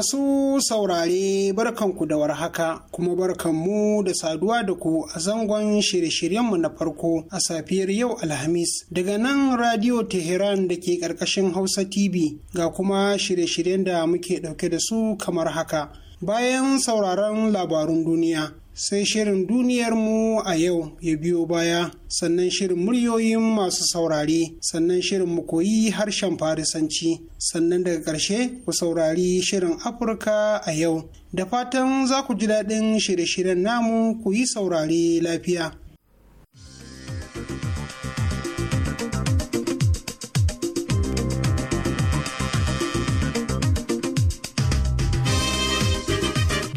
Masu saurare barkanku da warhaka kuma barkanmu da saduwa da ku a zangon shirye-shiryenmu na farko a safiyar yau Alhamis daga nan Radio Teheran da ke ƙarƙashin Hausa TV ga kuma shirye-shiryen da muke ɗauke da su kamar haka. Bayan sauraron labarun duniya. sai shirin duniyarmu a yau ya biyo baya sannan shirin muryoyin masu saurari sannan shirin mu koyi harshen farisanci sannan daga ƙarshe ku saurari shirin afirka a yau da fatan za ku ji daɗin shirye-shiryen namu ku yi saurari lafiya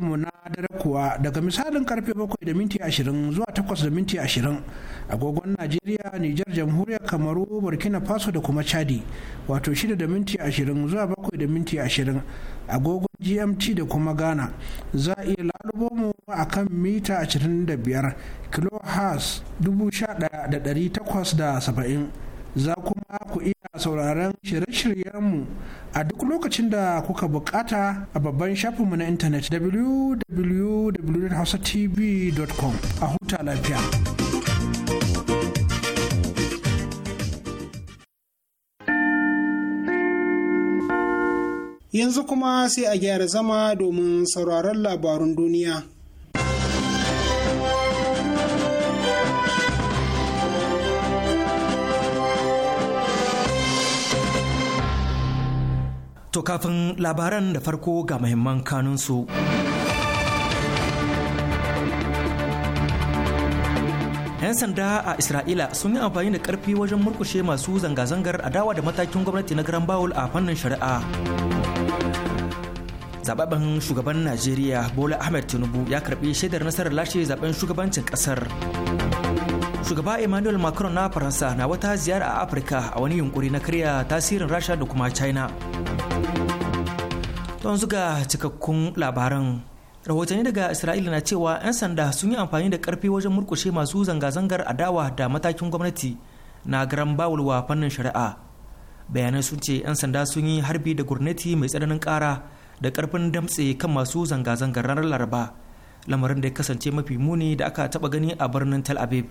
mu na dare kuwa daga misalin karfe bakwai da minti ashirin zuwa takwas da minti ashirin agogon najeriya nijar jamhuriyar kamaru burkina faso da kuma chadi wato shida da minti ashirin zuwa bakwai da minti ashirin agogon gmt da kuma ghana za a iya lalubo mu a kan mita 25 kilohertz saba'in za kuma ku iya sauraren shirye-shiryenmu a duk lokacin da kuka bukata a babban shafinmu na intanet www.hausatv.com a huta lafiya. Yanzu kuma sai a gyara zama domin sauraron labarun duniya. To kafin labaran da farko ga mahimman kanunsu. ‘Yan sanda a Isra'ila sun yi amfani da ƙarfi wajen murkushe masu zanga-zangar a dawa da matakin gwamnati na garan bawul a fannin shari'a. Zababben shugaban Najeriya Bola Ahmed Tinubu ya karɓi shaidar nasarar lashe zaben shugabancin ƙasar. Shugaba Emmanuel Macron na Faransa na wata ziyara a Afirka a wani yunkuri na karya tasirin Rasha da kuma China. don zuga cikakkun labaran rahotanni daga isra'ila na cewa 'yan sanda sun yi amfani da karfi wajen murkushe masu zanga-zangar adawa da matakin gwamnati na garan bawulwa fannin shari'a bayanai sun ce 'yan sanda sun yi harbi da gurneti mai tsananin kara da karfin damtse kan masu zanga-zangar ranar laraba lamarin da ya kasance mafi muni da aka taba gani a birnin tel aviv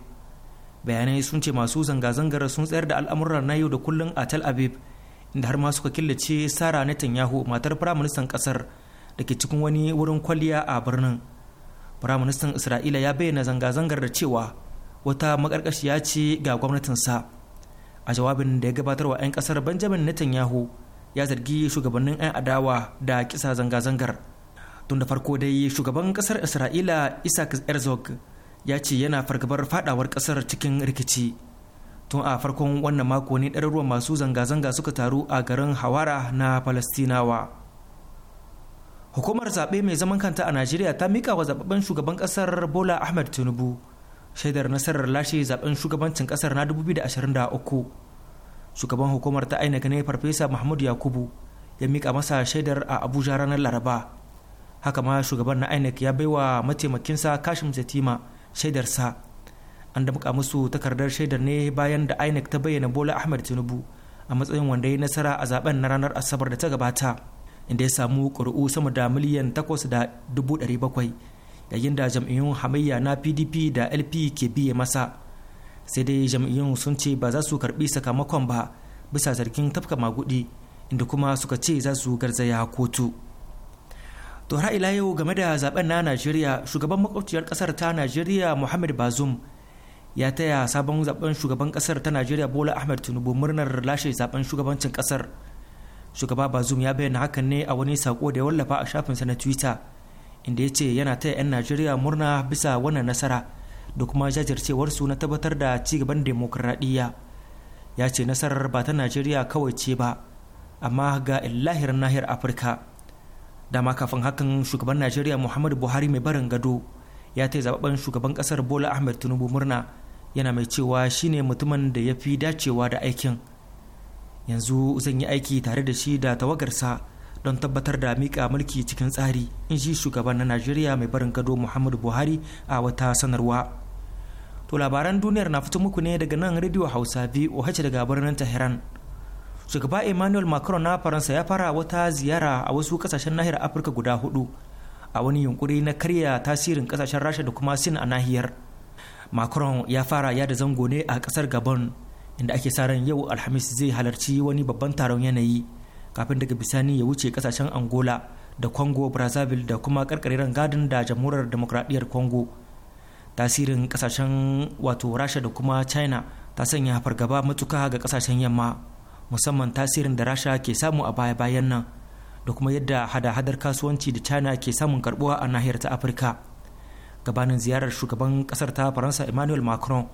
bayanai sun ce masu zanga-zangar sun tsayar da al'amuran na yau da kullum a tel aviv inda har ma suka killace sara netanyahu matar firaministan kasar da ke cikin wani wurin kwalliya a birnin firaministan isra'ila ya bayyana zanga-zangar da cewa wata makarkashiya ce ga gwamnatinsa a jawabin da ya gabatarwa 'yan kasar benjamin netanyahu ya zargi shugabannin 'yan adawa da kisa zanga-zangar tun da farko dai shugaban kasar isra'ila isaac herzog ya ce yana fargabar fadawar kasar cikin rikici tun a farkon wannan mako ne ɗaruruwan masu zanga-zanga suka taru a garin hawara na falastinawa hukumar zaɓe mai zaman kanta a najeriya ta mika wa zaɓaɓɓen shugaban ƙasar bola ahmed tinubu shaidar nasarar lashe zaɓen shugabancin ƙasar na 2023 shugaban hukumar ta inec ne farfesa mahmud yakubu ya mika masa shaidar a abuja ranar laraba haka ma shugaban na inec ya baiwa mataimakinsa kashim zatima shaidarsa an muka musu takardar shaidar ne bayan da inec ta bayyana bola ahmed tinubu a matsayin wanda ya nasara a zaben na ranar asabar da ta gabata inda ya samu ƙuri'u sama da miliyan takwas da dubu dari bakwai yayin da jam'iyyun hamayya na pdp da lp ke biye masa sai dai jam'iyyun sun ce ba za su karbi sakamakon ba bisa zargin tafka magudi inda kuma suka ce za su garzaya kotu to ila yau game da zaben na najeriya shugaban makwabciyar kasar ta najeriya muhammad bazum ya taya sabon zaben shugaban kasar ta najeriya bola ahmed tinubu murnar lashe zaben shugabancin kasar shugaba bazum ya bayyana hakan ne a wani sako da ya wallafa a shafinsa na twitter inda ya ce yana taya 'yan najeriya murna bisa wannan nasara da kuma jajircewar su na tabbatar da ci gaban demokuraɗiyya ya ce nasarar ba ta najeriya kawai ce ba amma ga illahir nahiyar afirka dama kafin hakan shugaban najeriya muhammadu buhari mai barin gado ya ta zaɓen shugaban ƙasar bola ahmed tinubu murna yana mai cewa shine mutumin da ya fi dacewa da aikin yanzu zan yi aiki tare da shi da tawagarsa don tabbatar da miƙa mulki cikin tsari in shi shugaban na najeriya mai barin gado muhammadu buhari a wata sanarwa to labaran duniyar na fito muku ne daga nan radio hausa voh daga birnin tehran shugaba emmanuel macron na faransa ya fara wata ziyara a wasu kasashen nahiyar afirka guda hudu a wani yunkuri na karya tasirin kasashen rasha da kuma sin a nahiyar macron ya fara yada zango ne a kasar gabon inda ake sa ran yau alhamis zai halarci wani babban taron yanayi kafin daga bisani ya wuce kasashen angola da congo brazzaville da kuma karkariren gadin da jamhuriyar demokradiyyar congo tasirin kasashen wato rasha da kuma china ta sanya fargaba matuka ga kasashen yamma musamman tasirin da rasha ke samu a baya-bayan nan da kuma yadda hada-hadar kasuwanci da china ke samun karbuwa a nahiyar ta afirka gabanin ziyarar shugaban kasar ta faransa emmanuel macron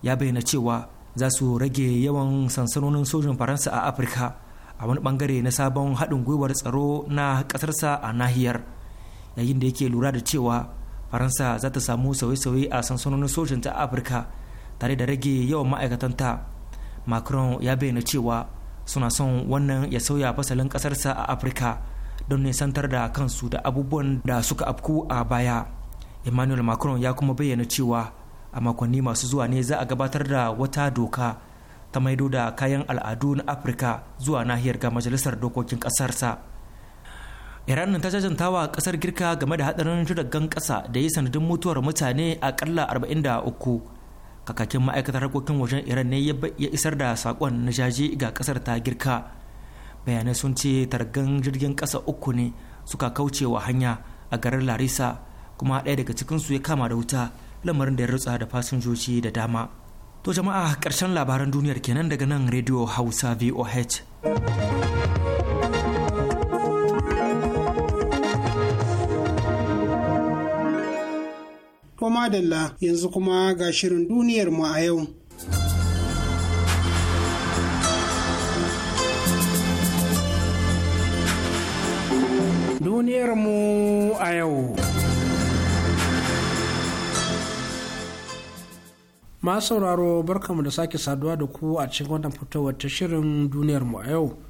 ya bayyana cewa za su rage yawan sansanonin sojin faransa a afirka a wani bangare na sabon haɗin gwiwar tsaro na ƙasarsa a nahiyar yayin da yake lura da cewa faransa za ta samu sauye-sauye a sansanonin sojin ta afirka tare da rage yawan ma'aikatanta macron ya bayyana cewa suna son wannan ya sauya fasalin ƙasarsa a afirka don nisantar da kansu da abubuwan da suka afku a baya emmanuel macron ya kuma bayyana cewa a makonni masu zuwa ne za a gabatar da wata doka ta maido da kayan al'adu na afirka zuwa nahiyar ga majalisar dokokin ƙasarsa iran ta jajanta wa ƙasar girka game da hadarin jiragen ƙasa da ya sanadin mutuwar mutane a aƙalla 43 kakakin ma'aikatar harkokin wajen iran ne ya isar da saƙon na jaje ga ƙasar ta girka bayanai sun ce targan jirgin ƙasa uku ne suka kauce wa hanya a garin larisa kuma ɗaya daga cikinsu ya kama da wuta lamarin da ya rutsa da fasinjoji da dama to jama'a ƙarshen labaran duniyar kenan daga nan radio hausa voh kuma Dalla yanzu kuma ga shirin duniyar mu a yau. Duniyar mu a yau. masu sauraro barkamu da sake saduwa da ku a cikin wannan fitowar ta shirin duniyar mu a yau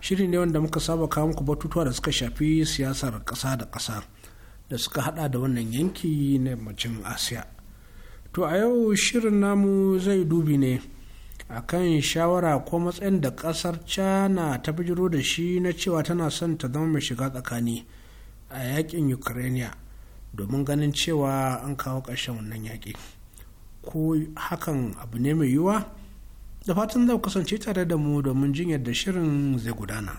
shiri ne wanda muka saba kawo muku batutuwa da suka shafi siyasar kasa da kasa da suka hada da wannan yanki na yammacin asiya to a yau shirin namu zai dubi ne a kan shawara ko matsayin da kasar china ta bijiro da shi na cewa tana son ta zama mai shiga tsakani a yakin ukraine domin ganin cewa an kawo ƙarshen wannan yaƙi. ko hakan abu ne mai yiwuwa da fatan zau kasance tare da mu domin jin yadda shirin zai gudana.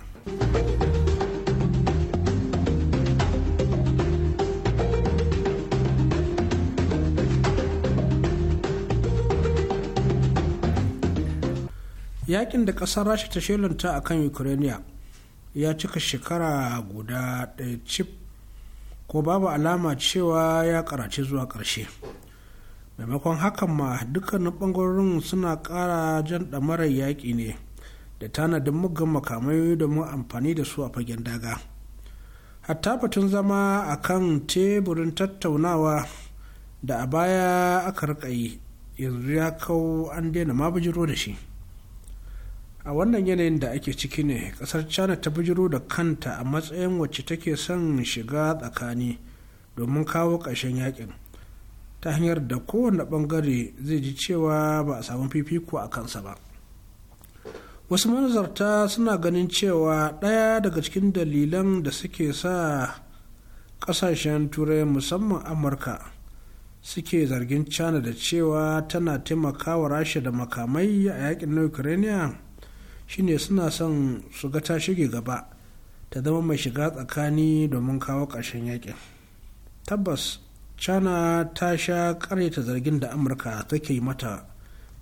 yakin da kasar rasha ta shelanta a kan ukraine ya cika shekara guda ɗaya cif ko babu alama cewa ya karace zuwa ƙarshe maimakon hakan ma dukkanin bangarorin suna kara jan ɗamarar yaƙi ne da tanadin muggan makamai da mu amfani da su a fagen daga hatta batun zama a kan teburin tattaunawa da a baya aka rika yi yanzu ya kau an daina ma bijiro da shi a wannan yanayin da ake ciki ne kasar china ta bijiro da kanta a matsayin wacce take son shiga tsakani domin kawo ƙarshen yakin ta hanyar da kowane bangare zai ji cewa ba a samu fifiko a kansa ba wasu manazarta suna ganin cewa ɗaya daga cikin dalilan da suke sa ƙasashen turai musamman amurka suke zargin china da cewa tana taimakawa rasha da makamai a yakin na ukraine shine suna son su ga ta shige gaba ta zama mai shiga tsakani domin kawo ƙarshen yakin tabbas china ta sha karyata zargin da amurka take ke mata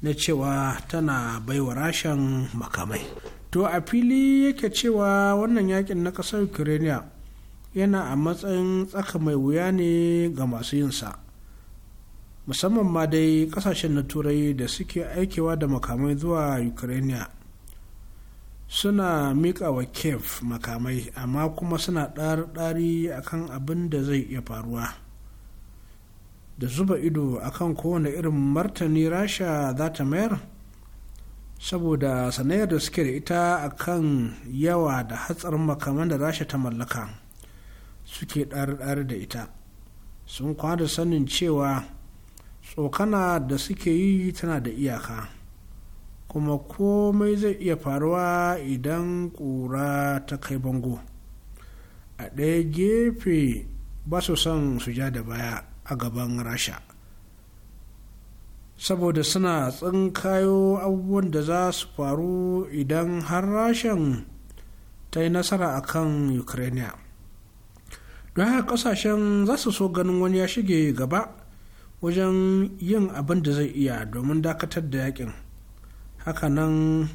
na cewa tana baiwa rashin makamai to a fili yake cewa wannan yakin na ƙasar ukraine yana a matsayin tsaka mai wuya ne ga masu yinsa musamman ma dai kasashen na turai da suke aikewa da makamai zuwa ukraine suna mika wa kiev makamai amma kuma suna ɗari-ɗari akan abin da zai iya faruwa da zuba ido akan kowane irin martani rasha za ta mayar saboda sanayyar da suke da ita akan yawa da hatsarin makaman da rasha ta mallaka suke ɗari da ita sun kwada sanin cewa tsokana da suke yi tana da iyaka kuma komai zai iya faruwa idan ƙura ta kai bango a ɗaya gefe ba su son su ja da baya a gaban rasha saboda suna tsinkayo abubuwan da za su faru idan har rashin ta yi nasara a kan ukraine don haka kasashen za su so ganin wani ya shige gaba wajen yin abin da zai iya domin dakatar da yakin hakanan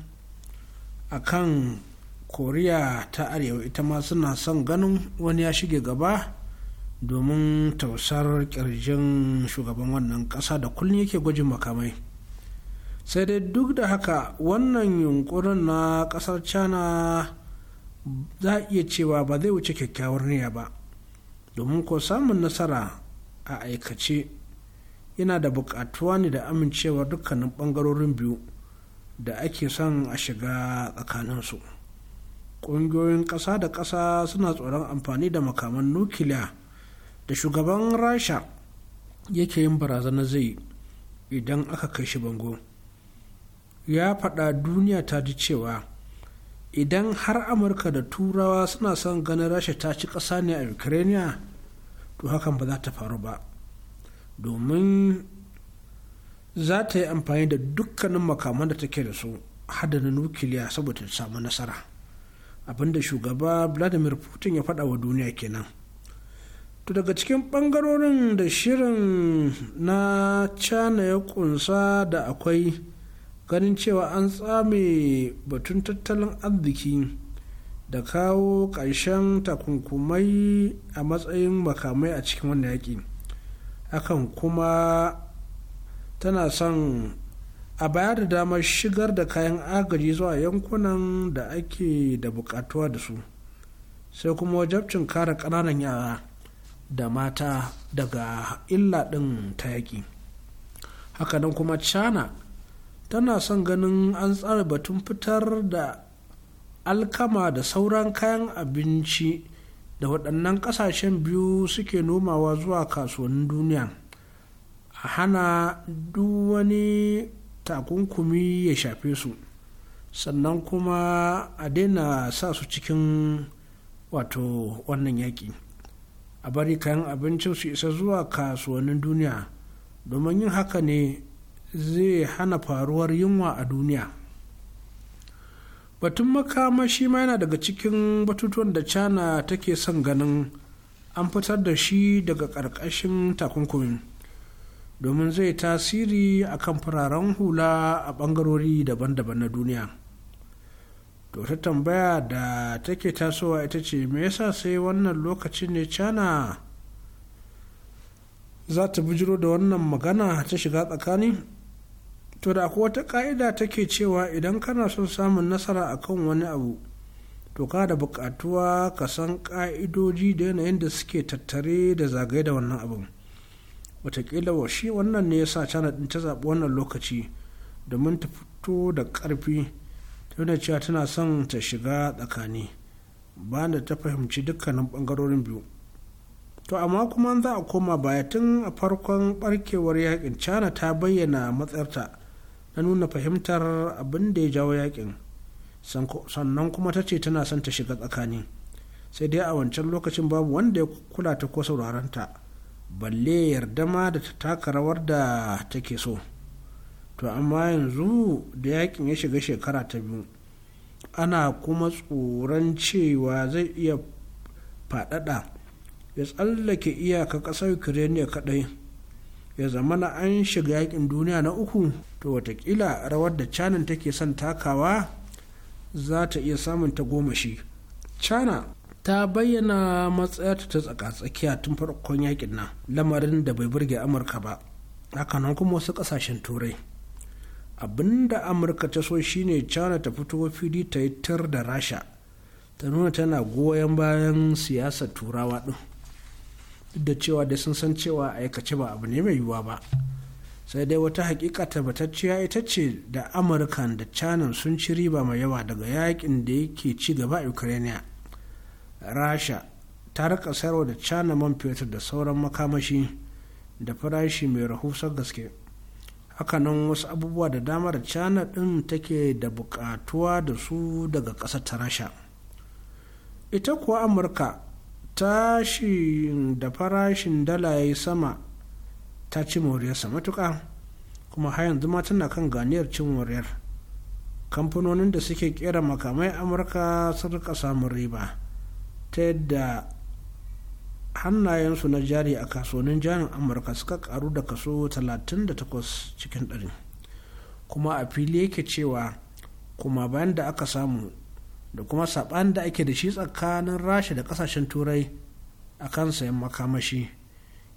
a kan koriya ta arewa ita ma suna son ganin wani ya shige gaba domin tausar kirjin shugaban wannan ƙasa da kullum yake gwajin makamai sai dai duk da haka wannan yunkurin na ƙasar china za a iya cewa ba zai wuce kyakkyawar niyya ba domin ko samun nasara a aikace yana da buƙatuwa ne da amincewar dukkanin ɓangarorin biyu da ake son a shiga tsakaninsu ƙungiyoyin ƙasa da ƙasa suna tsoron amfani da makaman nukiliya da shugaban rasha yake yin barazana zai idan aka kai shi bango ya faɗa duniya ta ji cewa idan har amurka da turawa suna son ganin rasha ta ci ƙasa ne a ukraine to hakan ba za ta faru ba domin za ta yi amfani da dukkanin makaman da take da su hada na nukiliya saboda ta samu nasara abinda shugaba vladimir putin ya faɗa wa duniya kenan to daga cikin ɓangarorin da shirin na cana ya kunsa da akwai ganin cewa an tsame batun tattalin arziki da kawo ƙarshen takunkumai a matsayin makamai a cikin wannan yaƙi hakan kuma tana son a bayar da damar shigar da kayan agaji zuwa yankunan da ake da buƙatuwa da su sai kuma wajabcin kare ƙananan yara da mata daga illa ɗin ta yaƙi hakanan kuma china tana son ganin an tsara batun fitar da alkama da sauran kayan abinci da waɗannan ƙasashen biyu suke nomawa zuwa kasuwannin duniya a hana duk wani takunkumi ya shafe su sannan kuma a daina sa su cikin wato wannan yaƙi. a bari kayan abincin su isa zuwa kasuwannin duniya domin yin haka ne zai hana faruwar yunwa a duniya batun makamashi ma yana daga cikin batutuwan da china take son ganin an fitar da shi daga ƙarƙashin takunkumin domin zai tasiri akan fararen hula a ɓangarori daban-daban na duniya to ta tambaya da take tasowa ita ce me yasa sai wannan lokaci ne cana za ta bijiro da wannan magana ta shiga tsakani to da akwai wata ka'ida take cewa idan kana son samun nasara akan wani abu to ka da bukatuwa ka san ka'idoji da yanayin da suke tattare da zagaye da wannan abin watakila shi wannan ne ya sa cana ta zaɓi wannan lokaci domin ta fito da ƙarfi duk da cewa tana son ta shiga tsakani bayan da ta fahimci dukkanin bangarorin biyu to amma kuma za a koma baya tun a farkon barkewar yakin china ta bayyana matsarta na nuna fahimtar abin da ya jawo yakin sannan kuma ta ce tana son ta shiga tsakani sai dai a wancan lokacin babu wanda ya kula ta ko sauraronta ta balle yarda ma da ta taka rawar da take so to amma yanzu da yakin ya shiga shekara ta biyu ana kuma tsoron cewa zai iya faɗaɗa ya tsallake iyaka ƙasar ukraine kaɗai ya zama na an shiga yakin duniya na uku to watakila rawar da canan take son takawa za ta iya samun ta goma shi china ta bayyana matsayarta ta tsaka-tsakiya tun farkon yakin nan lamarin da bai burge amurka ba hakanan kuma wasu ƙasashen turai Abin da amurka ta so shine china ta fito fili ta yi tar da rasha ta nuna tana goyon bayan siyasa turawa din duk da cewa da sun san cewa aikace ba abu ne mai yiwuwa ba sai dai wata hakika tabbatacciya ita ce da amurka da china sun ci riba mai yawa daga yakin da yake ci gaba a ukraine rasha ta rika sayarwa da china man fetur da sauran makamashi da farashi mai rahusar gaske hakanan wasu abubuwa da dama da china ɗin take da buƙatuwa da su daga ƙasar ta rasha ita kuwa amurka tashin da farashin dala ya yi sama ta ci moriyarsa matuƙa kuma har yanzu ma tana kan ganiyar cin moriyar kamfanonin da suke kera makamai amurka sun rika samun riba ta yadda hannayensu na jari a kasuwannin jarin amurka suka karu da kaso 38 cikin ɗari kuma a fili yake cewa kuma bayan da aka samu da kuma saɓan da ake da shi tsakanin rasha da kasashen turai a kan sayan makamashi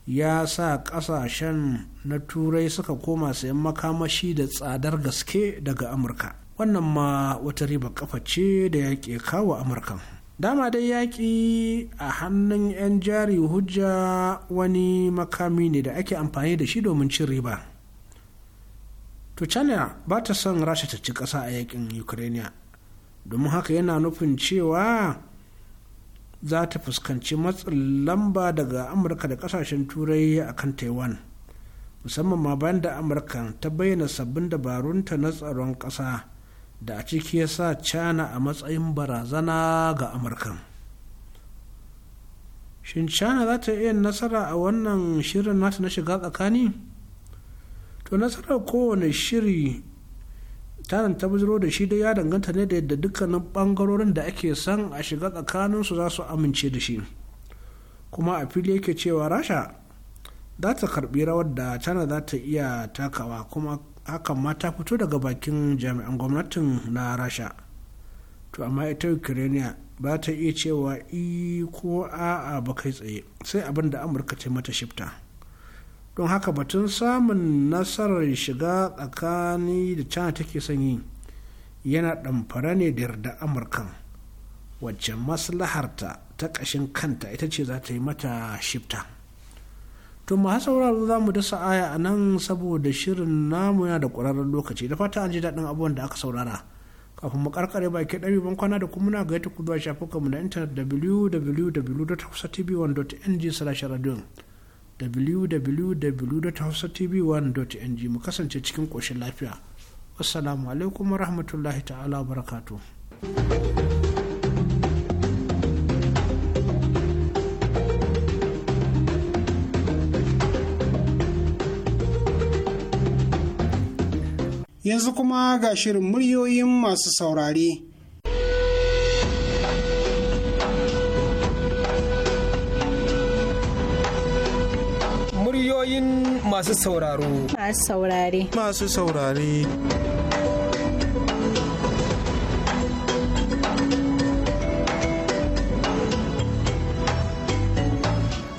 ya sa kasashen na turai suka koma sayan makamashi da tsadar gaske daga amurka wannan ma wata riba kafa ce da yake kawo amurkan dama dai yaƙi a hannun 'yan jari hujja wani makami ne da ake amfani da shi domin cin riba to china ba ta son rasha ta ci ƙasa a yaƙin ukraine domin haka yana nufin cewa za ta fuskanci matsin lamba daga amurka da ƙasashen turai a kan taiwan musamman ma bayan da amurka ta bayyana sabbin dabarunta na tsaron ƙasa da a ciki ya sa china a matsayin barazana ga amurka shin china za ta iya nasara a wannan shirin nasu na shiga tsakani to nasarar kowane shiri tarin ta bujiro da shi da ya danganta ne da yadda dukkanin bangarorin da ake son a shiga tsakaninsu za su amince da shi kuma a fili yake cewa rasha za ta karbi rawar da china za ta iya takawa kuma hakan ma ta fito daga bakin jami'an gwamnatin na rasha to amma ita ukraine ba ta iya cewa i ko a'a ba kai tsaye sai abin da amurka ce mata shifta don haka batun samun nasarar shiga tsakani da china take son yi yana damfara ne da yarda amurkan wacce maslaharta ta ƙashin kanta ita ce za ta yi mata shifta to ma sauraro za mu dasa aya a nan saboda shirin namu yana da ƙwararren lokaci da fata an ji daɗin abubuwan da aka saurara kafin mu karkare baki ɗari ban kwana da kuma na gaita ku zuwa shafukanmu na intanet www.hausatv1.ng slash radio www.hausatv1.ng mu kasance cikin ƙoshin lafiya wassalamu alaikum warahmatullahi ta'ala barakatuh yanzu kuma ga shirin muryoyin masu saurare. Muryoyin masu sauraro. Masu saurare. Masu saurare.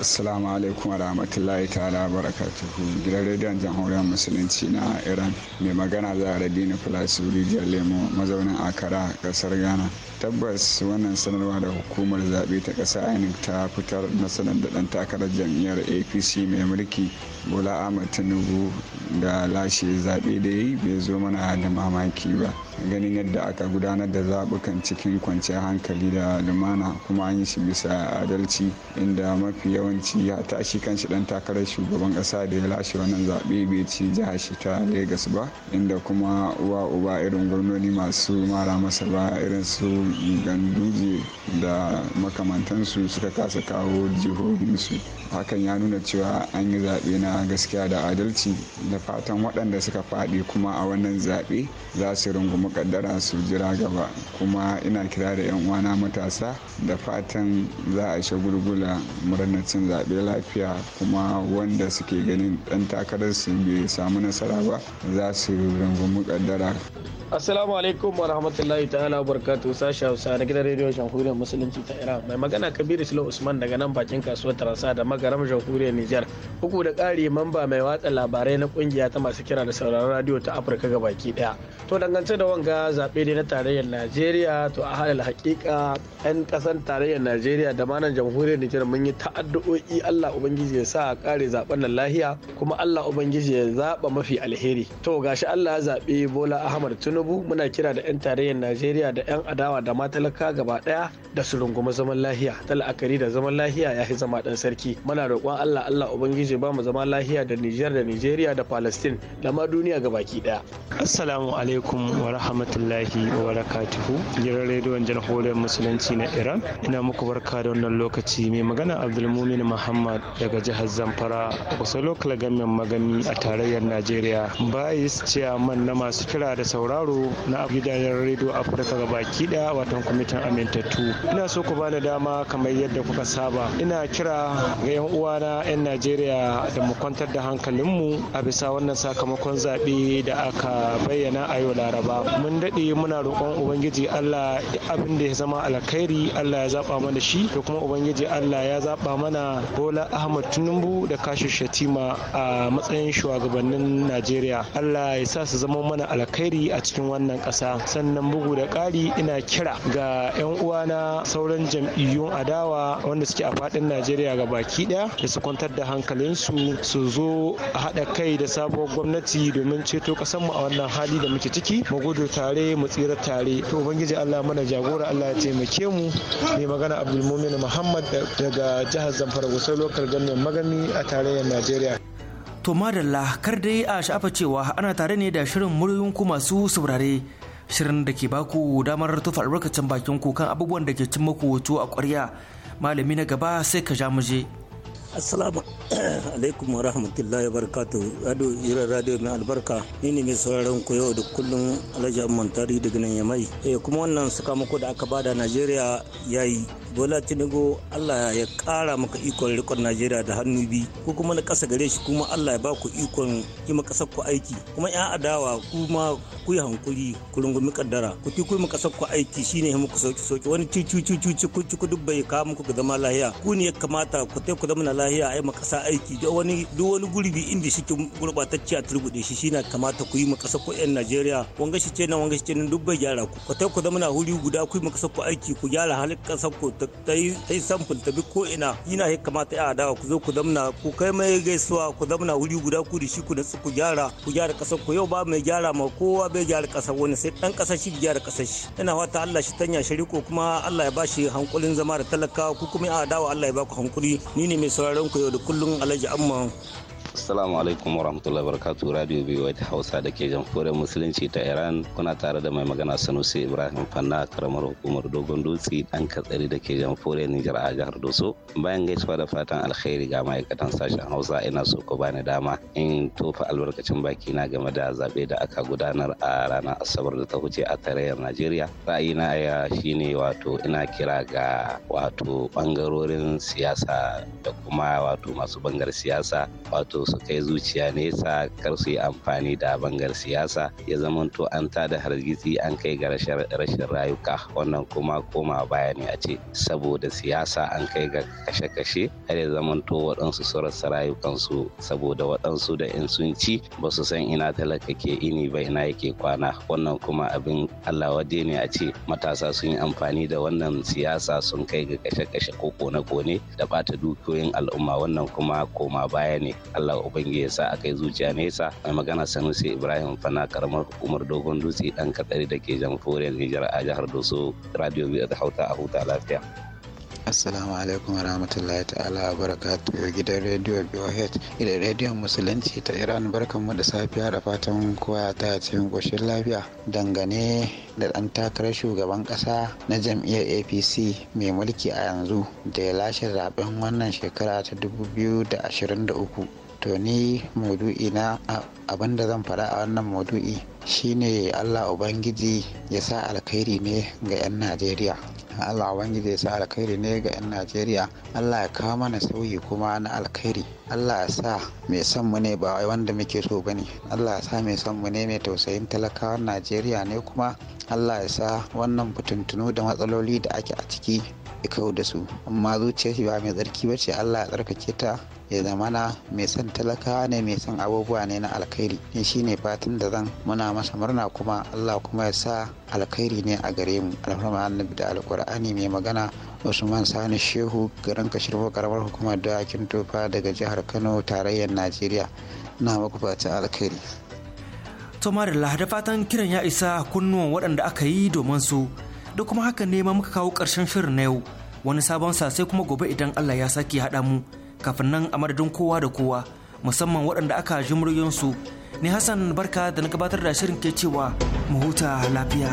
Assalamu alaikum wa rahmatullahi ta'ala barakatuhu gidan rediyon jamhuriyar musulunci na Iran mai magana za a rabi na rijiyar lemo mazaunin Akara kasar Ghana. Tabbas wannan sanarwa da hukumar zaɓe ta ƙasa INEC ta fitar na sanar da ɗan takarar jam'iyyar APC mai mulki Bola Ahmed Tinubu da lashe zaɓe da yi bai zo mana da mamaki ba. ganin yadda aka gudanar da zaɓukan cikin kwanciyar hankali da lumana kuma an yi shi bisa adalci inda mafi yawanci ya shi kanshi dan takarar shugaban kasa da ya lashe wannan zaɓe bai ci jihar shi ta lagos ba inda kuma uwa uba irin gwamnoni masu mara masa ba irin su Ganduje da makamantansu suka kasa kawo jihohinsu hakan ya nuna cewa an yi zaɓe na gaskiya da adalci da fatan waɗanda suka faɗi kuma a wannan zaɓe za su rungumi kaddara su jira gaba kuma ina kira da 'yan uwana matasa da fatan za a sha gulgula murnacin zaɓe lafiya kuma wanda suke ganin ɗan takarar su bai samu nasara ba za su rungumi kaddara Assalamu alaikum wa rahmatullahi ta'ala wa barakatu sashi Hausa da gidan rediyo Jamhuriyar Musulunci ta Iran mai magana Kabiru silo Usman daga nan bakin kasuwar tarasa da maga karamar jamhuriyar Nijar. uku da ƙari mamba mai watsa labarai na kungiya ta masu kira da sauraron radio ta Afirka ga baki ɗaya. To dangance da wanga zaɓe dai na tarayyar Najeriya to a halin haƙiƙa 'yan ƙasan tarayyar Najeriya da manan jamhuriyar Nijar mun yi ta'addu'o'i Allah Ubangiji ya sa a ƙare zaɓen nan lahiya kuma Allah Ubangiji ya zaɓa mafi alheri. To gashi Allah ya zaɓe Bola Ahmad Tinubu muna kira da 'yan tarayyar Najeriya da 'yan adawa da matalaka gaba ɗaya da su rungumi zaman lahiya. Tal'akari da zaman lahiya ya fi zama ɗan sarki. muna roƙon Allah Allah ubangiji ba mu zama lafiya da Nijar da Nijeriya da Palestine da ma duniya baki daya assalamu alaikum wa rahmatullahi wa barakatuhu gidan rediyon jamhuriyar musulunci na Iran ina muku barka da wannan lokaci mai magana Abdulmumin Muhammad daga jihar Zamfara kusa lokal gamin magani a tarayyar Najeriya bayis ciyaman na masu kira da sauraro na gidajen rediyo Afirka gabaki daya watan kwamitin amintattu ina so ku bani dama kamar yadda kuka saba ina kira yan uwana 'yan najeriya da mu kwantar da hankalinmu a bisa wannan sakamakon zaɓe da aka bayyana a yau laraba mun daɗe muna roƙon ubangiji allah abin da ya zama alkhairi allah ya zaɓa mana shi da kuma ubangiji allah ya zaɓa mana bola ahmad tinubu da kashi shatima a matsayin shugabannin najeriya allah ya sa su zama mana alkhairi a cikin wannan ƙasa sannan bugu da ƙari ina kira ga 'yan uwana sauran jam'iyyun adawa wanda suke a faɗin najeriya ga baki ɗaya daya da su kwantar da hankalinsu su zo a haɗa kai da sabuwar gwamnati domin ceto mu a wannan hali da muke ciki mu gudu tare mu tsira tare to ubangiji Allah mana jagora Allah ya taimake mu mai magana Abdulmumin Muhammad daga jihar Zamfara Gusau lokal gannin magami a tarayyar Najeriya to madalla kar dai a sha'afa cewa ana tare ne da shirin muryoyin ku masu saurare shirin da ke baku damar tufa albarkacin bakin ku kan abubuwan da ke cin wato a kwarya malami na gaba sai ka ja muje. assalamu alaikum wa rahmatullahi barakatu ado ira radio mai albarka ni ne mai sauraron ku yau da kullum alhaji amman tari daga nan yamai eh kuma wannan sakamako da aka bada najeriya yi. bola tinubu allah ya kara maka ikon rikon najeriya da hannu bi ko kuma na kasa gare shi kuma allah ya ba ku ikon kima kasar ku aiki kuma ya adawa kuma ku yi hankuri ku rungumi kaddara ku ti ku kasar ku aiki shine ya muku sauki sauki wani cucu cucu ci ku duk bai kawo muku ga zama lahiya ku ne ya kamata ku tai ku zama lahiya yi makasa aiki da wani duk wani gurbi inda shi ke gurbatacce a turbude shi shine kamata ku yi makasar ku yan najeriya wanga shi ce nan wanga shi ce nan duk bai gyara ku ku tai ku zama huri guda ku yi makasar ku aiki ku gyara halin kasar ku ta yi samfin ta bi ko ina yana ya kamata ya dawa ku zo ku zamna ku kai mai gaisuwa ku zamna wuri guda ku da shi ku natsu ku gyara ku gyara kasar ku yau ba mai gyara ma kowa bai gyara kasar wani sai dan kasar shi gyara kasar shi ina fata Allah shi tanya shariko kuma Allah ya ba shi hankulin zama da talakawa ku kuma ya adawa Allah ya ba ku ni ne mai sauraron ku yau da kullun Alhaji Amman Assalamu alaikum warahmatullahi wabarakatuh Radio BYT Hausa da ke jamhuriyar Musulunci ta Iran kuna tare da mai magana Sanusi Ibrahim Fanna karamar hukumar Dogon Dutse dan katsari da ke jamhuriyar Nijar a jihar Doso. Bayan gaisuwa da fatan alkhairi ga ma'aikatan sashen Hausa ina so ku bani dama in tofa albarkacin baki na game da zabe da aka gudanar a ranar Asabar da ta wuce a tarayyar Najeriya. na ya shine wato ina kira ga wato bangarorin siyasa da kuma wato masu bangar siyasa wato su kai zuciya nesa kar su yi amfani da bangar siyasa ya zamanto an da hargitsi an kai ga rashin rayuka wannan kuma koma baya ne a ce saboda siyasa an kai ga kashe-kashe har ya zamanto waɗansu su rasa rayukansu saboda waɗansu da in sun ci ba su san ina talaka ke ini ba ina yake kwana wannan kuma abin allah wade ne a ce matasa sun yi amfani da wannan siyasa sun kai ga kashe-kashe ko kone-kone da bata dukiyoyin al'umma wannan kuma koma baya ne allah Allah ubangiji ya sa a kai zuciya nesa mai magana Sanusi Ibrahim Fana karamar hukumar Dogon Dutse dan kadari da ke jamhuriyar Nijar a jihar Doso radio bi da hauta a huta lafiya. Assalamu alaikum warahmatullahi ta'ala barakatuh gidan rediyo BOH gidan rediyon musulunci ta Iran mu da safiya da fatan kowa ta cikin goshin lafiya dangane da ɗan takarar shugaban kasa na jam'iyyar APC mai mulki a yanzu da ya lashe zaben wannan shekara ta 2023 to ni maudu'i na abin da zan fada a wannan maudu'i shine allah ubangiji ya sa alkhairi ne ga 'yan najeriya allah ubangiji ya sa alkhairi ne ga 'yan najeriya allah ya kawo mana sauyi kuma na alkhairi allah ya sa mai son mu ne ba wanda muke so ba ne allah ya sa mai son mu ne mai tausayin talakawan najeriya ne kuma allah ya sa wannan fitintunu da matsaloli da ake a ciki ya kawo da su amma zuciyar shi ba mai tsarki ba ce Allah ya tsarkake ta ya zamana mai son talakawa ne mai son abubuwa ne na alkhairi ne shine fatan da zan muna masa murna kuma Allah kuma ya sa alkhairi ne a gare mu alfarma annabi da alkur'ani mai magana usman sani shehu garin kashirfo karamar hukumar dawakin tofa daga jihar kano tarayyar najeriya na muku fata alkhairi tomarilla da fatan kiran ya isa kunnuwan waɗanda aka yi domin su da kuma haka ne ma muka kawo ƙarshen shirin na yau wani sabon sa sai kuma gobe idan Allah ya sake haɗa mu kafin nan a madadin kowa da kowa musamman waɗanda aka ji muryoyinsu ni Hassan barka da na gabatar da shirin ke cewa mu huta lafiya.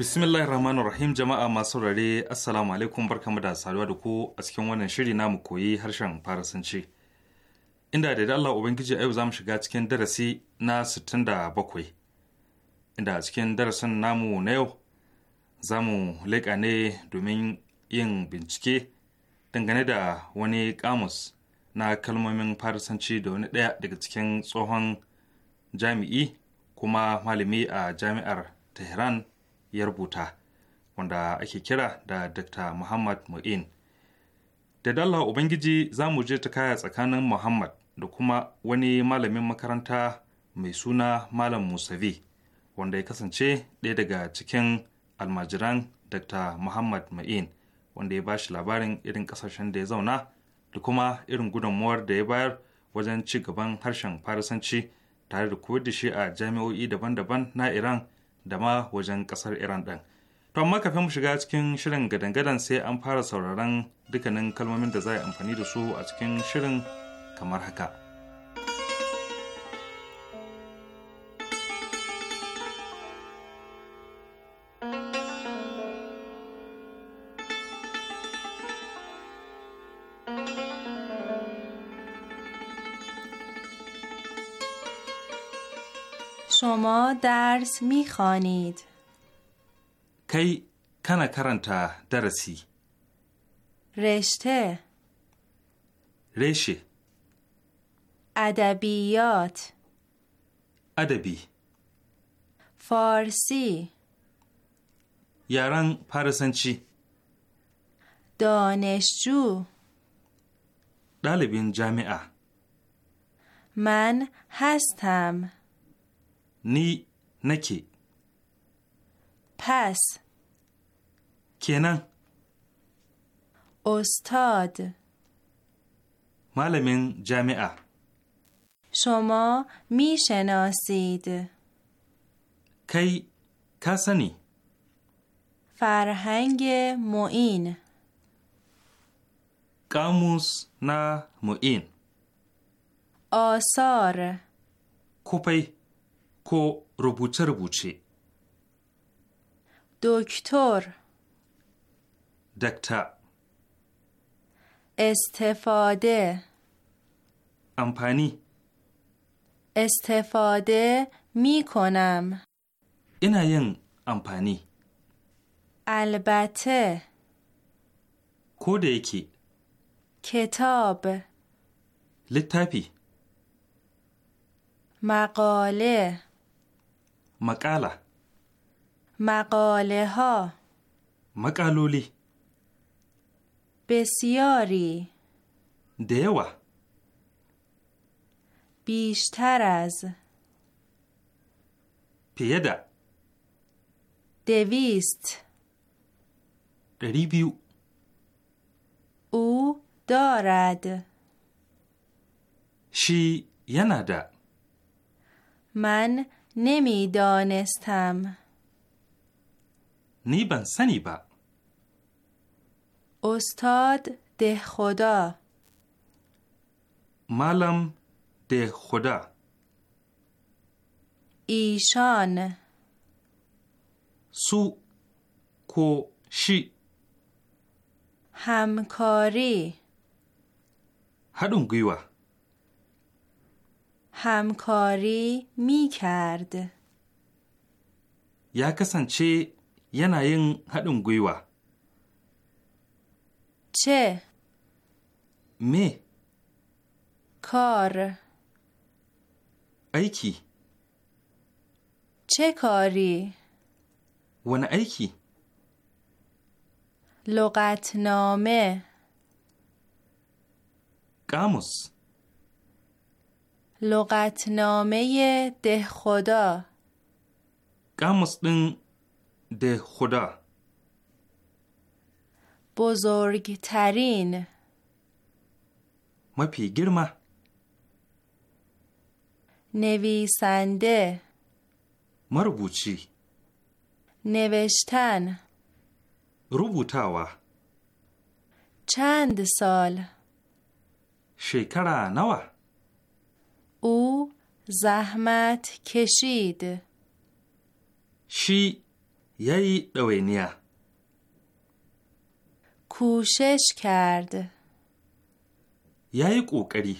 Bismillahir Rahmanir Rahim jama'a masu rare Assalamu alaikum barkamu da saduwa da ku a cikin wannan shiri namu koyi harshen Farasanci. Inda da Allah Ubangiji a yau za mu shiga cikin darasi na 67. Inda a cikin darasin namu na yau za mu leƙa ne domin yin bincike dangane da wani kamus na kalmomin Farasanci da wani ɗaya daga cikin tsohon jami'i kuma malami a jami'ar Tehran ya rubuta wanda ake kira da Dr. Muhammad Mu'in. Da dalla Ubangiji za mu je ta kaya tsakanin Muhammad da kuma wani malamin makaranta mai suna Malam Musavi wanda ya kasance ɗaya daga cikin almajiran Dr. Muhammad mu'in wanda ya ba shi labarin irin kasashen da ya zauna da kuma irin gudunmuwar da ya bayar wajen ci gaban harshen Farisanci tare da koyar da shi a jami'o'i daban-daban na Iran da ma wajen kasar iran ɗin to amma kafin mu shiga cikin shirin gadan-gadan sai an fara sauraron dukkanin kalmomin da za a yi amfani da su a cikin shirin kamar haka شما درس می کی کنا کرنتا درسی رشته رشه ادبیات ادبی فارسی یاران پارسنچی دانشجو دالبین جامعه من هستم نی نکی پس کنن استاد معلم جامعه شما می شناسید کی کسانی فرهنگ معین کاموس نه معین آثار کوپی کو روبوچه بوچی دکتر دکتر استفاده امپانی استفاده می کنم این این امپانی البته کود کتاب لطفی مقاله مقاله مقاله ها مقالولی بسیاری دیوه بیشتر از پیده دویست ریویو او دارد شی ده من نمیدانستم نی بن سنی استاد ده خدا معلم ده خدا ایشان سو کو شی همکاری هدون گیوه همکاری می کرد یا کسانچه ینا ین هدون گویوا چه می کار ایکی چه کاری ون ایکی لغتنامه قاموس لغتنامه ده خدا قاموس ده خدا بزرگترین ما ما نویسنده مربوچی نوشتن روبوتاوا چند سال شکر نوه او زحمت کشید شی یی دوینیا کوشش کرد یی کوکری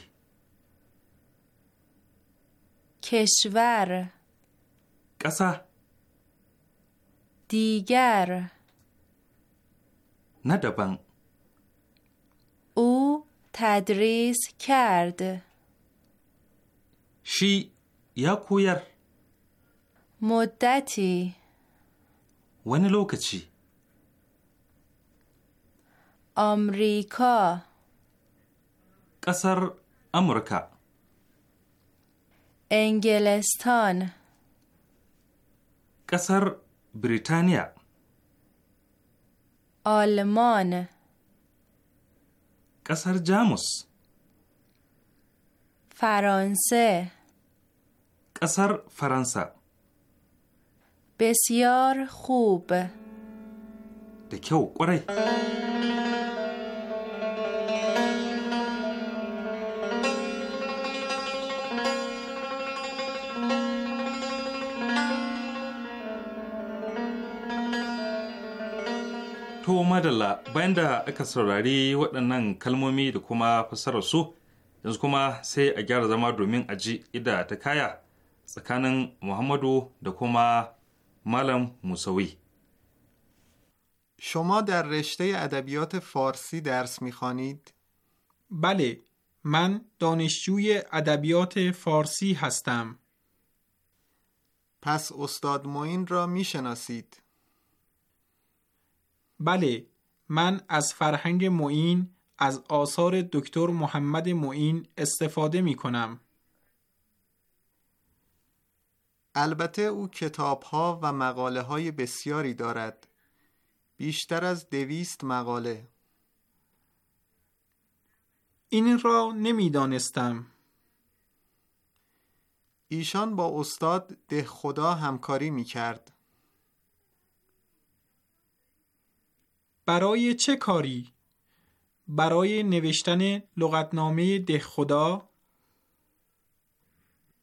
کشور قسا دیگر ندبن او تدریس کرد shi ya koyar. Motaci. Wani lokaci. Amurka. Ƙasar Amurka. Ingilistan. Ƙasar Birtaniya. Alman. Ƙasar Jamus. Faransa. قصر فرانسه ba. Da kyau kwarai. To madalla bayan da aka saurari waɗannan kalmomi da kuma fassararsu yanzu kuma sai a gyara zama domin a ji ida ta kaya tsakanin محمدو da kuma ملم موسوی شما در رشته ادبیات فارسی درس میخوانید؟ بله، من دانشجوی ادبیات فارسی هستم. پس استاد معین را میشناسید؟ بله، من از فرهنگ معین از آثار دکتر محمد معین استفاده می کنم. البته او کتاب ها و مقاله های بسیاری دارد بیشتر از دویست مقاله این را نمیدانستم. ایشان با استاد ده خدا همکاری می کرد. برای چه کاری؟ برای نوشتن لغتنامه ده خدا؟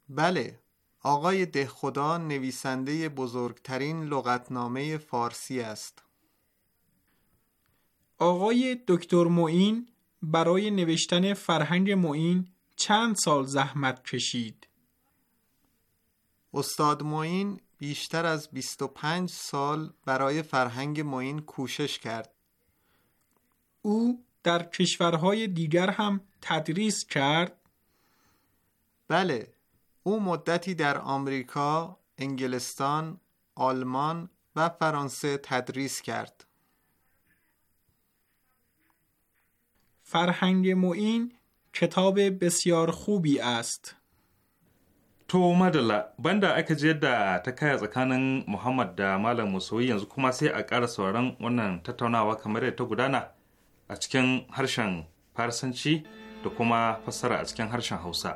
بله آقای دهخدا نویسنده بزرگترین لغتنامه فارسی است. آقای دکتر معین برای نوشتن فرهنگ معین چند سال زحمت کشید. استاد معین بیشتر از 25 سال برای فرهنگ معین کوشش کرد. او در کشورهای دیگر هم تدریس کرد؟ بله، او مدتی در آمریکا، انگلستان، آلمان و فرانسه تدریس کرد. فرهنگ معین کتاب بسیار خوبی است. To madalla banda aka je da ta kaya tsakanin Muhammad da Malam Musoyi yanzu kuma sai a ƙara sauran wannan tattaunawa kamar yadda ta gudana a cikin harshen Farsanci da kuma fassara a cikin harshen Hausa.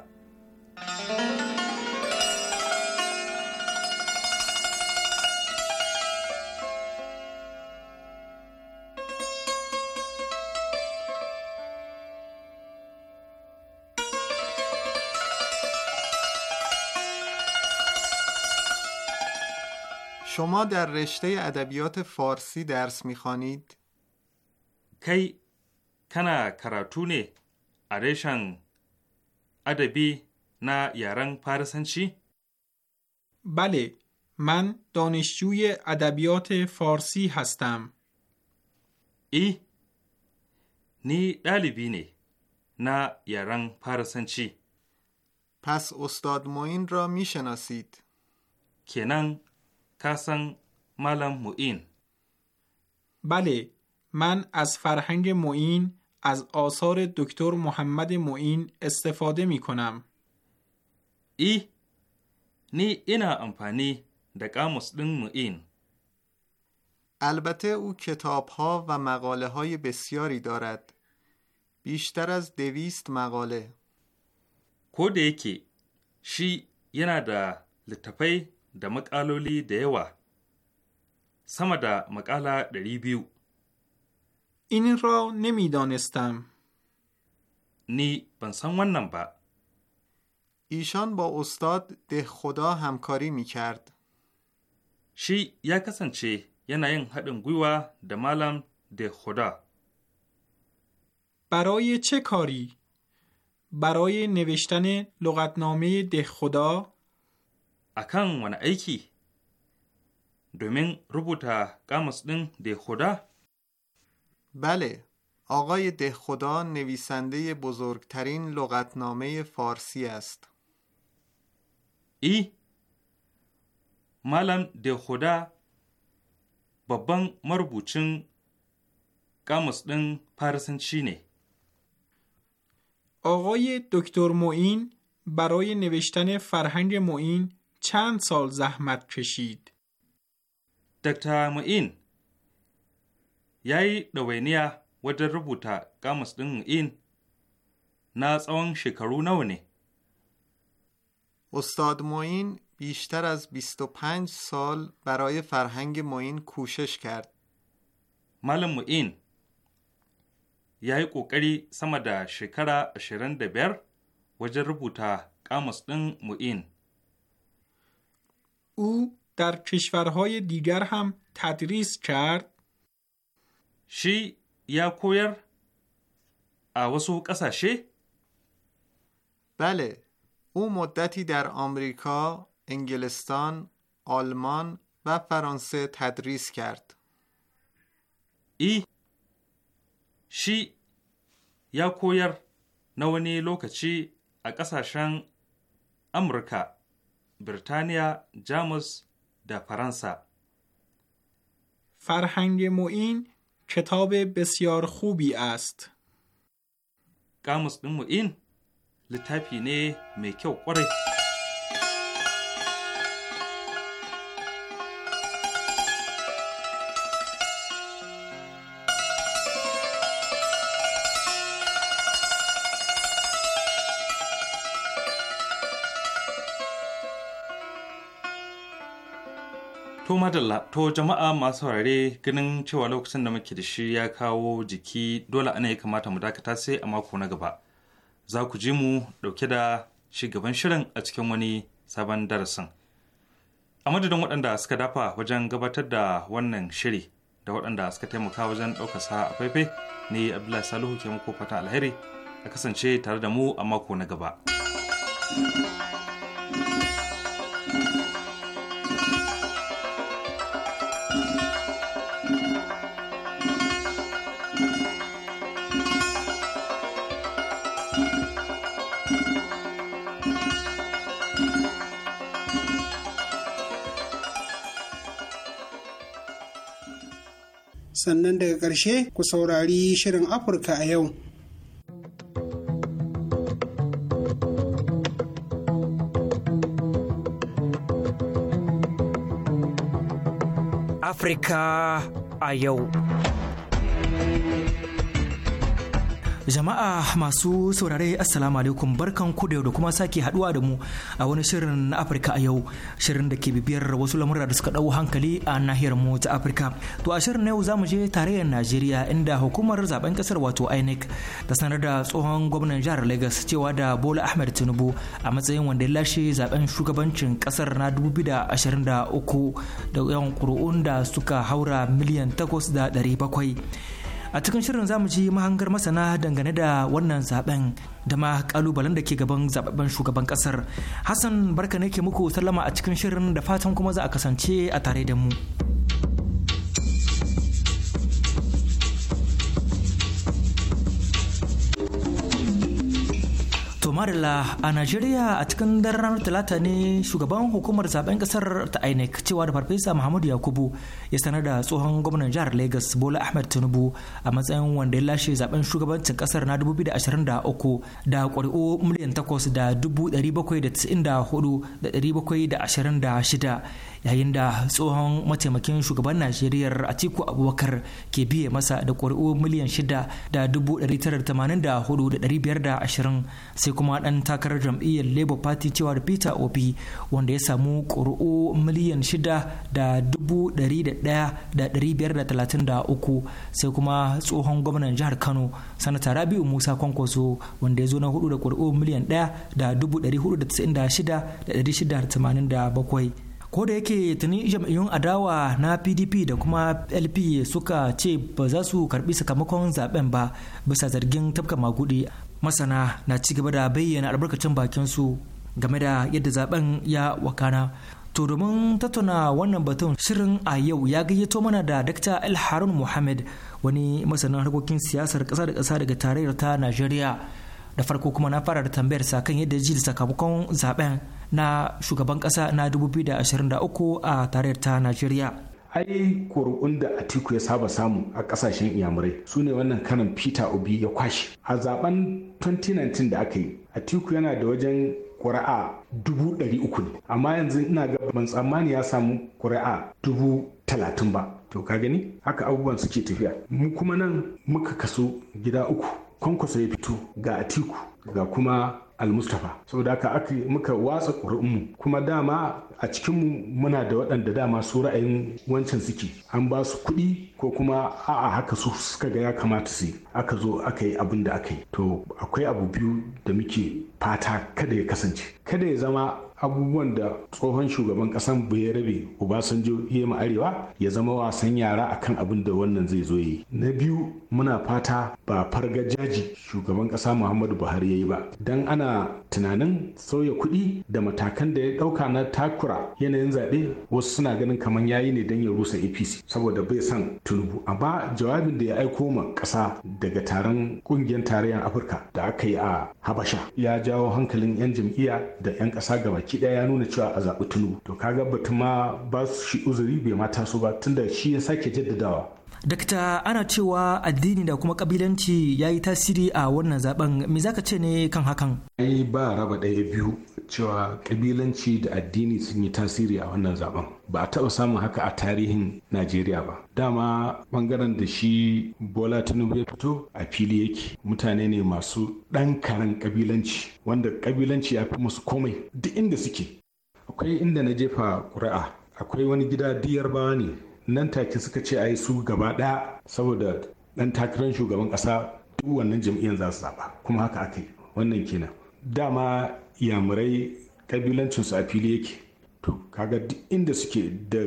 شما در رشته ادبیات فارسی درس میخوانید؟ کی کنا کراتو نه اره ادبی نه یارن چی بله من دانشجوی ادبیات فارسی هستم. ای نی دلیبی نه نه پارسن چی پس استاد معین را میشناسید؟ کنن کسن ملم موین بله من از فرهنگ معین از آثار دکتر محمد معین استفاده می کنم ای نی اینا امپانی دقاموس دن البته او کتاب ها و مقاله های بسیاری دارد بیشتر از دویست مقاله کودکی شی یه دا لطفه ده مقالولی ده و سمده این را نمیدانستم. نی بنسان ون ایشان با استاد ده همکاری می شی یکسن چه یه نیم هدوم و ده مالم ده برای چه کاری؟ برای نوشتن لغتنامه ده خدا؟ akan wani aiki domin rubuta kamus ɗin دهخدا بله آقای دهخدا نویسنده بزرگترین لغتنامه فارسی است ای مالم دهخدا babban marubucin kamus ɗin نه؟ چینه آقای دکتر معین برای نوشتن فرهنگ معین چند سال زحمت کشید؟ دکتر موین یای دوینیا و در ربوتا کامس دن مئین شکرو نونه استاد موین بیشتر از 25 سال برای فرهنگ معین کوشش کرد مال معین یای کوکری سمده شکره شرند بر و در ربوتا کامس دن او در کشورهای دیگر هم تدریس کرد؟ شی یا کویر اوسو قساشه؟ بله او مدتی در آمریکا، انگلستان، آلمان و فرانسه تدریس کرد. ای شی یا کویر نونی لوکچی ا شنگ، امریکا. بریتانیا، جاموس دا فرانسه فرهنگ معین کتاب بسیار خوبی است. قاموس معین littafi نه mai قره madalla to jama'a masu saurare ganin cewa lokacin da muke da shi ya kawo jiki dole ana ya kamata mu dakata sai a mako na gaba. Za ku ji mu dauke da shigaban shirin a cikin wani sabon darasin. A madadin waɗanda suka dafa wajen gabatar da wannan shiri da waɗanda suka taimaka wajen ɗaukasa a faifai ne Abdullahi Salihu ke muku fata alheri a kasance tare da mu a mako na gaba. thank you sannan daga ƙarshe ku saurari shirin afirka a yau afirka a yau Jama'a masu saurare Assalamu alaikum barkan ku da yau da kuma sake haduwa da mu a wani shirin na Afirka a yau shirin da ke bibiyar wasu lamura da suka dau hankali a nahiyar mu ta Afirka. To a shirin na yau zamu je tarayyar Najeriya inda hukumar zaben kasar wato INEC ta sanar da tsohon gwamnan jihar Lagos cewa da Bola Ahmed Tinubu a matsayin wanda ya lashe zaben shugabancin kasar na 2023 da yawan kuri'un da suka haura miliyan da bakwai. a cikin shirin zamu ji mahangar masana dangane da wannan zaben da ma kalubalen da ke gaban zababben shugaban kasar hassan barka ne ke muku sallama a cikin shirin da fatan kuma za a kasance a tare da mu To a Najeriya a cikin daren ranar Talata ne shugaban hukumar zaben kasar ta INEC cewa da Farfesa Muhammadu Yakubu ya sanar da tsohon gwamnan jihar Lagos Bola Ahmed Tinubu a matsayin wanda ya lashe zaben shugabancin kasar na 2023 da ƙuri'u miliyan 8 da 794,726 yayin da tsohon mataimakin shugaban najeriya atiku abubakar ke biye masa da ƙuri'u miliyan shida da dubu ɗari tara da tamanin da hudu da ɗari biyar da ashirin sai kuma ɗan takarar jam'iyyar labour party cewa da peter obi wanda ya samu ƙuri'u miliyan shida da dubu ɗari da ɗaya da ɗari biyar da talatin da uku sai kuma tsohon gwamnan jihar kano sanata rabiu musa kwankwaso wanda ya zo na hudu da ƙuri'u miliyan ɗaya da dubu ɗari hudu da tasa'in da shida da ɗari shida da tamanin da bakwai ko da yake tuni jam'iyyun adawa na pdp da kuma lp suka ce ba za su karbi sakamakon zaben ba bisa zargin tafka magudi masana na ci gaba da bayyana albarkacin bakin su game da yadda zaben ya wakana to domin tattauna wannan batun shirin a yau ya gayyato mana da dakta el harun muhammad wani masanin harkokin siyasar kasa da kasa daga tarayyar ta najeriya da farko kuma na fara da tambayar sa kan yadda ji da sakamakon zaben na shugaban ƙasa na 2023 a tarayyar ta Najeriya. ai kuri'un da atiku ya saba samu a kasashen iyamurai su ne wannan kanan peter obi ya kwashe a zaben 2019 da aka yi atiku yana da wajen kuri'a dubu ɗari uku ne amma yanzu ina ga ban tsammani ya samu kuri'a dubu talatin ba to ka gani haka abubuwan suke tafiya mu kuma nan muka kaso gida uku kwankwaso ya fito ga atiku ga kuma almustafa saboda ka aka muka watsa ƙuri'unmu kuma dama a cikinmu muna da waɗanda dama su ra'ayin wancan suke an ba su kuɗi ko kuma a'a haka su suka ga ya kamata su aka zo aka yi abin da aka yi to akwai abu biyu da muke fata kada ya kasance kada ya zama abubuwan da tsohon shugaban kasan bayarabe obasanjo iya ma arewa ya zama wasan yara akan abin da wannan zai zo yi na biyu muna fata ba farga jaji shugaban kasa muhammadu buhari ya yi ba don ana tunanin sauya kuɗi da matakan da ya ɗauka na takura yanayin zaɓe wasu suna ganin kamar ya yi ne don ya rusa apc saboda bai son tunubu amma jawabin da ya aiko ma ƙasa daga taron ƙungiyar tarayyar afirka da aka yi a habasha ya jawo hankalin 'yan jam'iyya da 'yan ƙasa gabaki baki ɗaya ya nuna cewa a zaɓi tinubu to kaga batun ma ba shi uzuri bai ma taso ba tunda shi ya sake jaddadawa Dakta ana cewa addini da kuma kabilanci ya yi tasiri a wannan zaben me zaka ce ne kan hakan? Ai ba raba ɗaya biyu cewa kabilanci da addini sun yi tasiri a wannan zaben ba a taɓa samun haka a tarihin najeriya ba dama bangaren da shi bola tinubu ya fito a fili yake mutane ne masu ɗan karen kabilanci wanda kabilanci ya fi musu komai duk inda suke akwai inda na jefa ƙuri'a akwai wani gida diyar bawa ne nan take suka ce a yi su gaba ɗaya saboda ɗan takarar shugaban ƙasa duk wannan jam'iyyar za su zaɓa kuma haka aka yi wannan kenan dama iyamurai kabilancinsu a fili yake to kaga duk inda suke da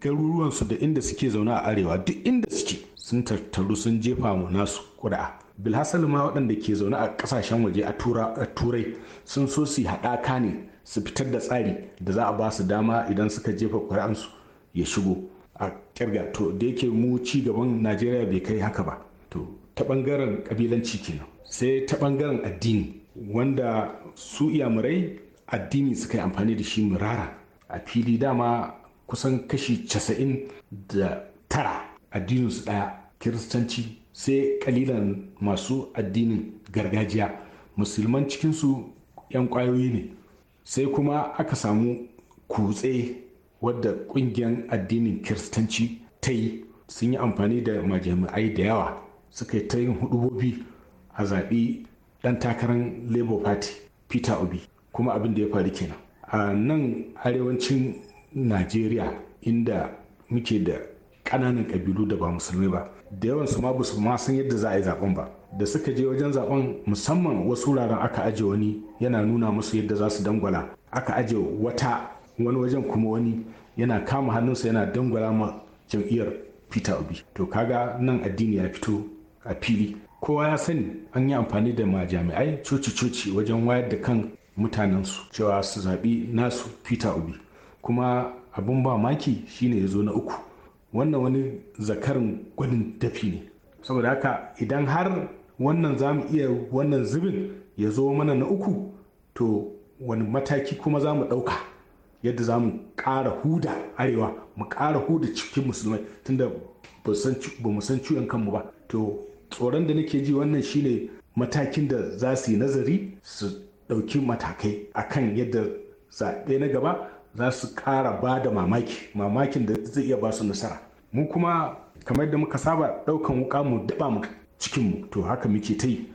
garuruwansu da inda suke zaune a arewa duk inda suke sun tattaru sun jefa mu nasu ƙuri'a bilhassal ma waɗanda ke zaune a ƙasashen waje a turai sun so su haɗaka ne su fitar da tsari da za a ba su dama idan suka jefa ƙuri'ansu ya shigo a kirga to da yake mu ci gaban najeriya bai kai haka ba to ta ɓangaren ƙabilanci kenan sai ta ɓangaren addini wanda su iyamurai addini suka yi amfani da shi murara a fili dama kusan kashi casa'in da tara addininsu ɗaya kiristanci sai kalilan masu addinin gargajiya musulman cikinsu 'yan kwayoyi ne sai kuma aka samu kutse wadda kungiyar addinin kiristanci ta yi sun yi amfani da majami'ai da yawa suka yi ta yin hudubobi a zaɓi dan takarar labour party peter obi kuma abin da ya faru kenan a nan arewacin najeriya inda muke da ƙananan kabilu da ba musulmai ba da yawan su ma basu ma san yadda za a yi zaben ba da suka je wajen zaben musamman wasu wuraren aka aje wani yana nuna musu yadda za su dangwala aka aje wata wani wajen kuma wani yana kama hannunsa yana dangwala ma jam'iyyar peter obi to kaga nan addini ya fito a fili kowa ya sani an yi amfani da majami'ai coci-coci wajen wayar da kan mutanen su cewa su zaɓi nasu peter obi kuma abin ba maki shine ya zo na uku wannan wani zakarin gwadin dafi ne saboda haka idan har wannan za mu iya wannan zubin ya zo mana na uku to wani mataki kuma za mu ɗauka yadda za mu ƙara huda arewa mu ƙara huda cikin musulmai tunda ba mu san ciwon kanmu ba to tsoron da nake ji wannan shine matakin da za su yi nazari su ɗauki matakai akan yadda zaɓe na gaba za su ƙara ba da mamaki mamakin da zai iya ba su nasara mu kuma kamar da muka saba ɗaukan wuka mu daɓa mu cikinmu to haka muke ta yi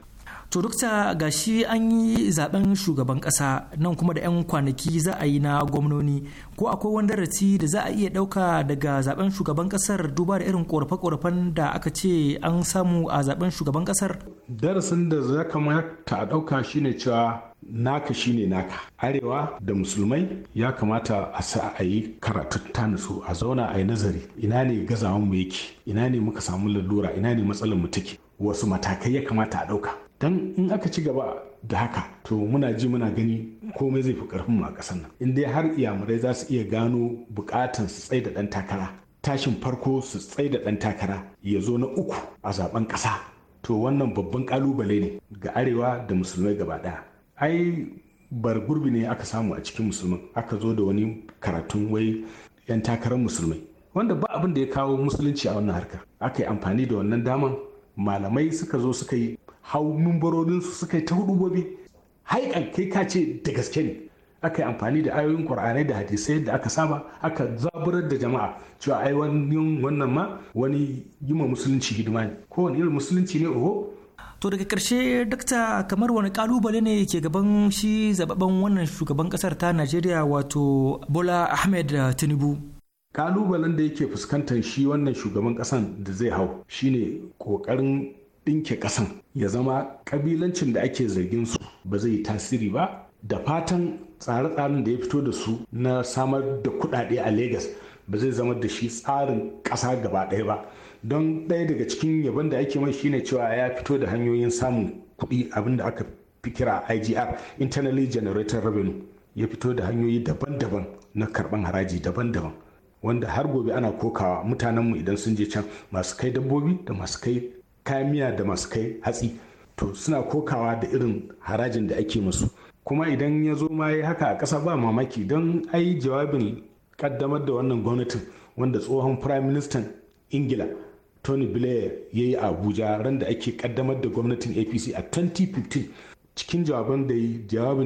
to dukta ga shi an yi zaben shugaban kasa nan kuma da 'yan kwanaki za a yi na gwamnoni ko akwai wani darasi da za a iya dauka daga zaben shugaban kasar duba da irin korafe-korafen da aka ce an samu a zaben shugaban kasar darasin da za kamata a dauka shine cewa naka shine naka arewa da musulmai ya kamata a sa a yi karatu ta nutsu a zauna a yi nazari ina ne gazawan mu yake ina ne muka samu lalura ina ne matsalar mu take wasu matakai ya kamata a dauka dan in aka ci gaba da haka to muna ji muna gani komai zai fi karfin mu a ƙasar nan in dai har iyamurai za su iya gano bukatan su tsaye da ɗan takara tashin farko su tsaye da ɗan takara ya zo na uku a zaben kasa to wannan babban kalubale ne ga arewa da musulmai gaba ɗaya ai bar gurbi ne aka samu a cikin musulman aka zo da wani karatun wai 'yan takarar musulmai wanda ba abin da ya kawo musulunci a wannan harka aka yi amfani da wannan daman malamai suka zo suka yi hau mumbarorinsu suka yi ta hudubobi haikan kai ka ce da gaske ne aka yi amfani da ayoyin ƙur'anai da hadisai da aka saba aka zaburar da jama'a cewa ai wannan ma wani yi musulunci hidima ne kowane irin musulunci ne oho to daga karshe dakta kamar wani kalubale ne ke gaban shi zababben wannan shugaban kasar ta najeriya wato bola ahmed tinubu kalubalen da yake fuskantar shi wannan shugaban kasan da zai hau shine kokarin ɗinke ƙasan ya zama ƙabilancin da ake zargin su ba zai yi tasiri ba da fatan tsare tsarin da ya fito da su na samar da kuɗaɗe a Legas ba zai zama da shi tsarin ƙasa gaba ɗaya ba don ɗaya daga cikin yabon da ake mai shine cewa ya fito da hanyoyin samun kuɗi da aka fi kira IGR internally generated revenue ya fito da hanyoyi daban-daban na karɓan haraji daban-daban wanda har gobe ana kokawa mutanenmu idan sun je can masu kai dabbobi da masu kai kayan miya da masu kai hatsi to suna kokawa da irin harajin da ake musu kuma idan ya zo ma ya haka a ƙasa ba mamaki don ai jawabin kaddamar da wannan gwamnatin wanda tsohon prime minister ingila tony blair ya yi abuja ran da ake kaddamar da gwamnatin apc a 2015 cikin jawabin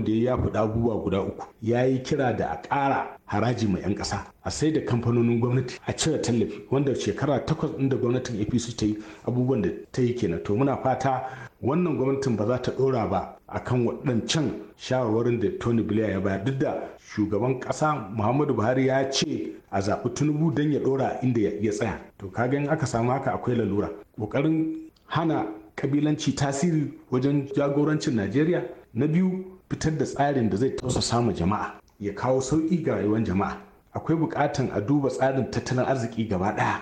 da ya ya faɗa abubuwa guda uku ya yi kira da a ƙara haraji mai 'yan ƙasa a sai da kamfanonin gwamnati a cire tallafi wanda shekara takwas inda gwamnatin apc ta yi abubuwan da ta yi kenan to muna fata wannan gwamnatin ba za ta dora ba akan waɗancan shawarwarin da tony blair ya bayar duk da shugaban ƙasa muhammadu buhari ya ce a zaɓi tinubu don ya dora inda ya tsaya to kaga in aka samu haka akwai lalura ƙoƙarin hana kabilanci tasiri wajen jagorancin najeriya na biyu fitar da tsarin da zai tausa samun jama'a ya kawo sauƙi ga rayuwar jama'a akwai buƙatan a duba tsarin tattalin arziki gaba ɗaya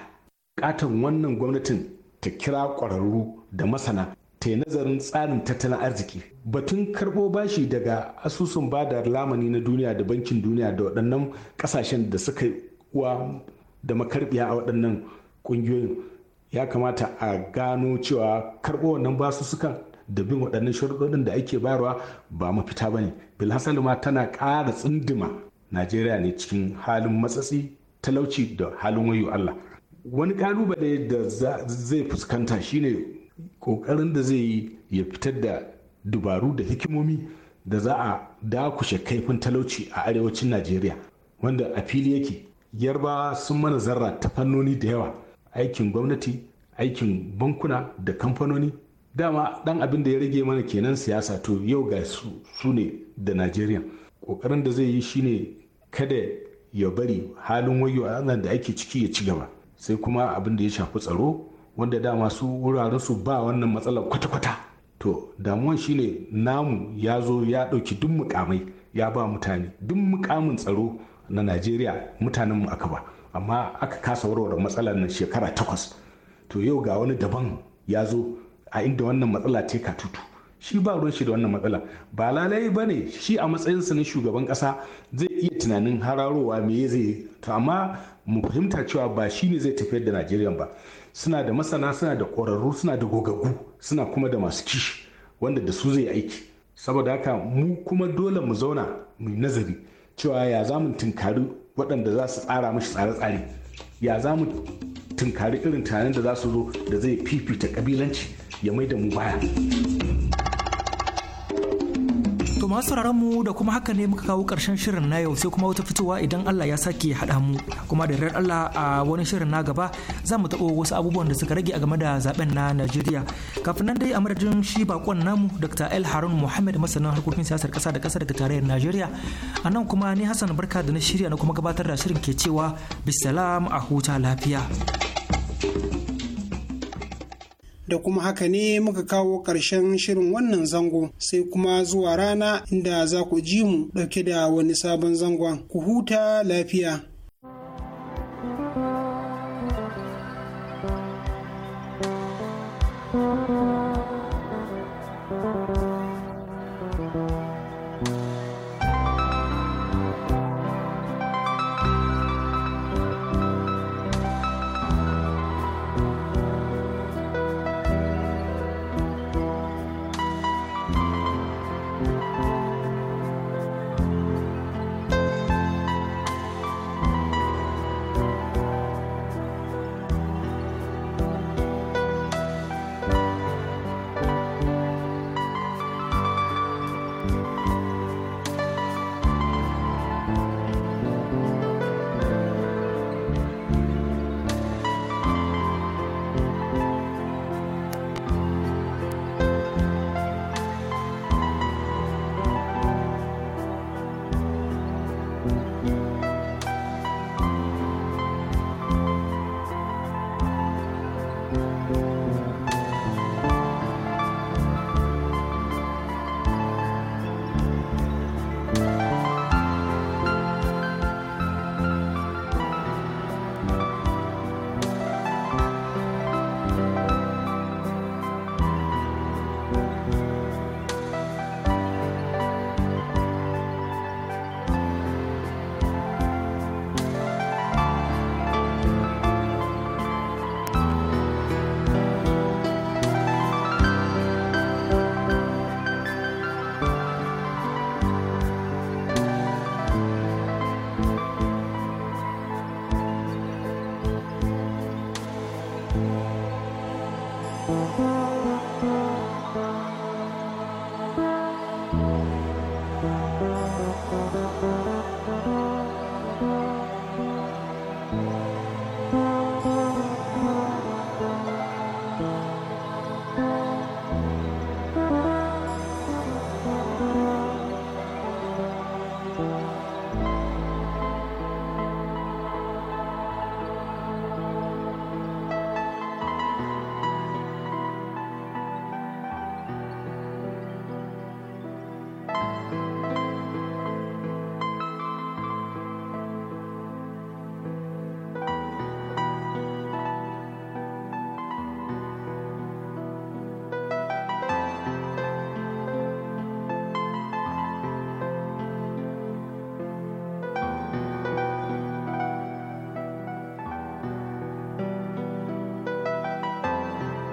buƙatan wannan gwamnatin ta kira ƙwararru da masana ta yi nazarin tsarin tattalin arziki batun karɓo bashi daga asusun bada lamani na duniya da bankin duniya da waɗannan ƙasashen da suka yi uwa da makarɓiya a waɗannan ƙungiyoyin ya kamata a gano cewa karɓo wannan basussukan da bin waɗannan sharuɗoɗin da ake bayarwa ba mafita ba ne bilhassali ma tana ƙara tsindima najeriya ne cikin halin matsatsi talauci da halin wayo allah wani ƙalubale da zai fuskanta shine ƙoƙarin da zai yi ya fitar da dubaru da hikimomi da za a dakushe kaifin talauci a arewacin najeriya wanda a fili yake yarbawa sun mana zarra ta fannoni da yawa aikin gwamnati aikin bankuna da kamfanoni dama dan abin da ya rage mana kenan siyasa to yau ga su ne da najeriya kokarin da zai yi shine kada ya bari halin wayo a da ake ciki ya ci gaba sai kuma abin da ya shafi tsaro wanda dama su wuraren su ba wannan matsalar kwata-kwata to damuwan shine namu ya zo ya dauki duk mukamai ya ba mutane duk mukamin tsaro na najeriya mutanen mu aka ba amma aka kasa warware matsalar nan shekara takwas to yau ga wani daban ya zo a inda wannan matsala ce ka tutu shi ba ruwan shi da wannan matsala ba lalai ba ne shi a matsayin matsayinsa na shugaban kasa zai iya tunanin hararowa me zai to amma mu fahimta cewa ba shi ne zai tafiyar da najeriya ba suna da masana suna da ƙwararru suna da gogaggu suna kuma da masu kishi wanda da su zai aiki saboda haka mu kuma dole mu zauna mu nazari cewa ya za mu tunkari waɗanda za su tsara mashi tsare-tsare ya za mu tunkari irin tunanin da za su zo da zai fifita kabilanci ya mai da mu baya To masu mu da kuma haka ne muka kawo ƙarshen shirin na yau sai kuma wata fitowa idan Allah ya sake haɗa mu kuma da rar Allah a wani shirin na gaba za mu taɓo wasu abubuwan da suka rage a game da zaben na Najeriya. Kafin nan dai a madadin shi bakon namu Dr. El Harun Muhammad masanin harkokin siyasar ƙasa da ƙasa daga tarayyar Najeriya. A nan kuma ni Hassan Barka da na shirya na kuma gabatar da shirin ke cewa bisalam a huta lafiya. da kuma haka ne muka kawo ƙarshen shirin wannan zango sai kuma zuwa rana inda za ku ji mu ɗauke da wani sabon zangon ku huta lafiya